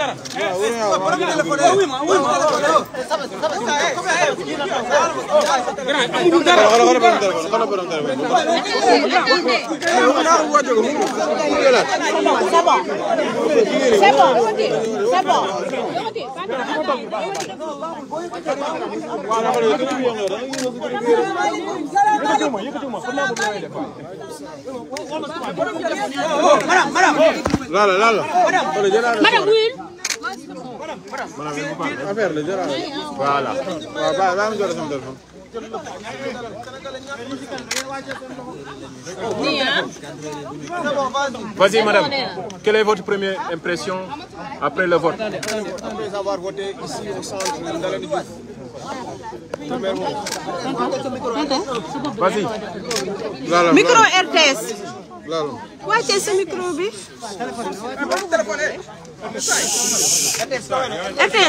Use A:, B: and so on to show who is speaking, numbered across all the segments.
A: dara Lala, lala. Madam, Madam, Madam, Will. voilà Vas-y madame, quelle est votre première impression après le vote? Vas-y. Micro RTS. Claro. Qual é esse microbe? FS,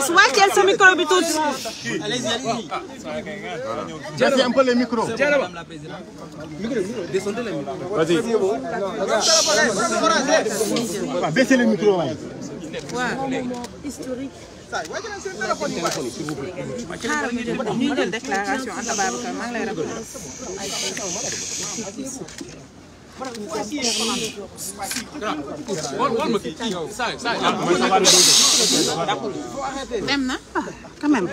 A: qual é esse microbe tudo? Já tem um pouco de micro. Descendez le micro. Vas-y. micro. le Historique. xaaral ñu jël ñu jël déclaration Anta Babacar maa Même, hein, Quand même.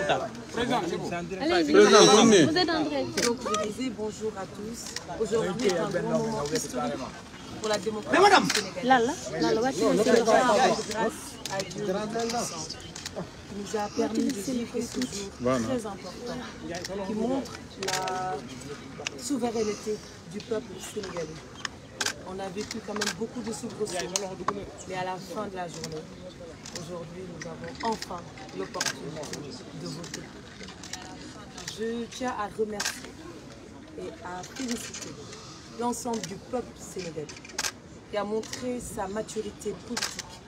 A: Donc, bonjour à tous. Aujourd'hui pour la démocratie Là, là, qui nous a permis de très important, qui montre la souveraineté du peuple sénégalais on a vécu quand même beaucoup de soubresauts. Mais à la fin de la journée, aujourd'hui, nous avons enfin l'opportunité de voter. Je tiens à remercier et à féliciter l'ensemble du peuple sénégalais qui a montré sa maturité politique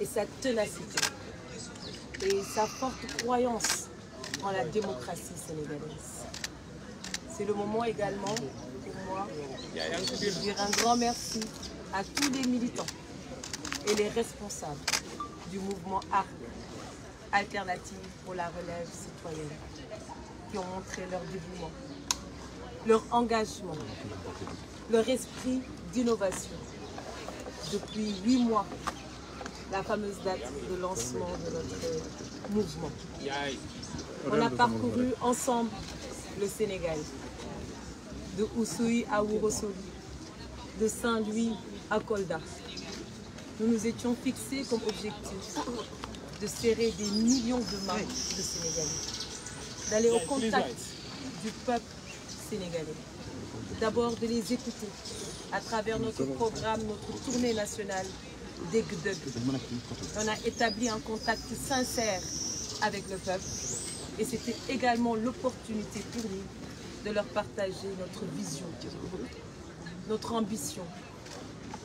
A: et sa ténacité et sa forte croyance en la démocratie sénégalaise. C'est le moment également je veux dire un grand merci à tous les militants et les responsables du mouvement ARC, Alternative pour la relève citoyenne, qui ont montré leur dévouement, leur engagement, leur esprit d'innovation. Depuis huit mois, la fameuse date de lancement de notre mouvement. On a parcouru ensemble le Sénégal de Ousoui à Ourosoli, de Saint-Louis à Kolda. Nous nous étions fixés comme objectif de serrer des millions de mains de Sénégalais, d'aller au contact du peuple sénégalais, d'abord de les écouter à travers notre programme, notre tournée nationale des GDEG. On a établi un contact sincère avec le peuple et c'était également l'opportunité pour nous de leur partager notre vision, notre ambition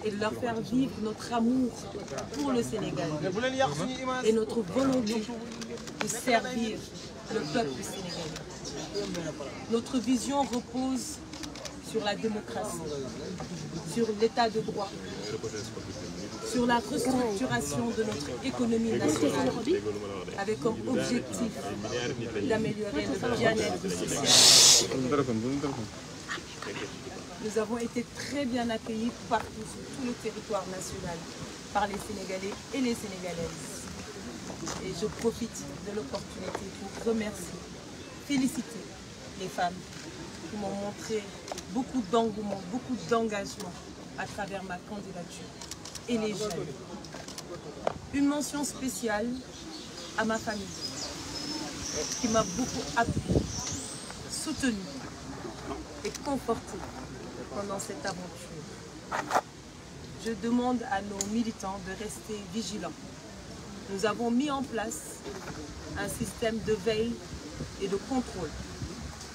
A: et de leur faire vivre notre amour pour le Sénégal et notre volonté de servir le peuple sénégalais. Notre vision repose sur la démocratie, sur l'état de droit, sur la restructuration de notre économie nationale avec comme objectif d'améliorer le bien-être social. Nous avons été très bien accueillis partout sur tout le territoire national par les Sénégalais et les Sénégalaises. Et je profite de l'opportunité pour remercier, féliciter les femmes qui m'ont montré beaucoup d'engouement, beaucoup d'engagement à travers ma candidature les Une mention spéciale à ma famille qui m'a beaucoup appris, soutenue et confortée pendant cette aventure. Je demande à nos militants de rester vigilants. Nous avons mis en place un système de veille et de contrôle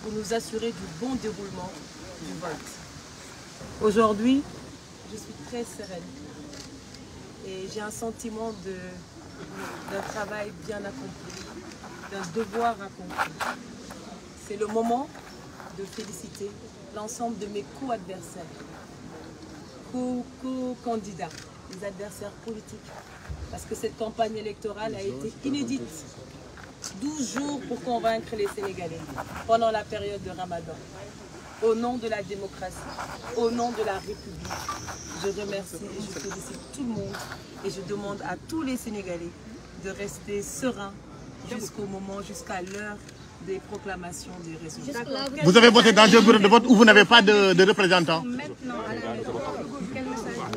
A: pour nous assurer du bon déroulement du vote. Aujourd'hui, je suis très sereine et j'ai un sentiment d'un travail bien accompli, d'un devoir accompli. C'est le moment de féliciter l'ensemble de mes co-adversaires, co-candidats, les adversaires politiques, parce que cette campagne électorale a été inédite. 12 jours pour convaincre les Sénégalais pendant la période de Ramadan au nom de la démocratie, au nom de la République. Je remercie et je félicite tout le monde et je demande à tous les Sénégalais de rester sereins jusqu'au moment, jusqu'à l'heure des proclamations des résultats. Vous avez voté dans deux groupes de vote où vous n'avez pas de, représentants Maintenant,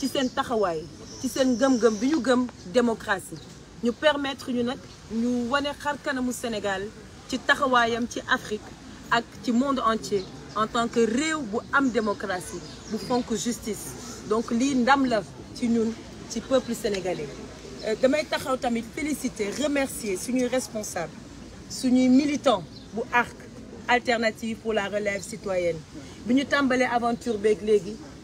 A: ci un taxaway ci sen gëm-gëm biñu gëm démocratie ñu permettre ñu nous ñu wane xar kanamu Sénégal ci taxawayam ci Afrique ak ci monde entier en tant que réew bu am démocratie bu fonk justice donc li ndam la ci ñun ci peuple sénégalais je euh, taxaw tamit féliciter remercier les responsable les militants bu ARC alternative pour la relève citoyenne Nous avons tàmbalee aventure de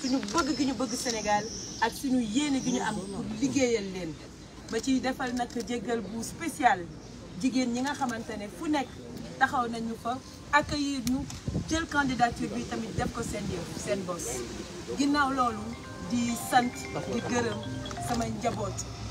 A: suñu bëgg gi ñu bëgg Sénégal ak suñu yéene gi ñu am pour liggéeyal leen ba ciy defar nag jéggal bu spécial jigéen ñi nga xamante ne fu nekk taxaw nañu fa accueillir ñu jël candidature bi tamit def ko seen yëf seen bos ginnaaw loolu di sant di gërëm sama njaboot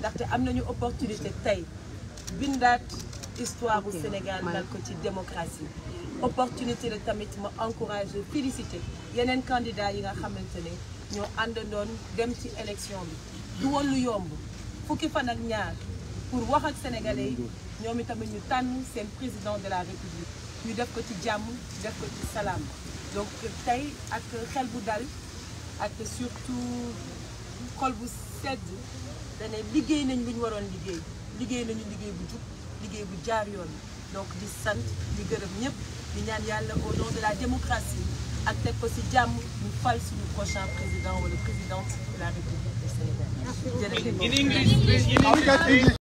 A: ndaxte am nañu opportunité tey bindaat histoire bu Sénégal dal ko ci démocratie opportunité la tamit ma encouragé félicité yeneen candidat yi nga xamante ne ñoo àndandoon dem ci élection bi du woon lu yomb fukki fan ak ñaar pour wax ak sénégalais ñomi ñoom ñu tann sen président de la république ñu def ko ci jamm def ko ci salam donc tay ak xel bu dal ak surtout xol bu sedd dane liggéey nañ lu ñu waroon liggéey liggéey nañu liggéey bu jup liggéey bu jaar yoon donc di sante di gërëm ñëpp di ñaan yàlla au nom de la démocratie ak teg ko si jàmm ñu fal suñu prochain président wala présidente de la République de Sénégal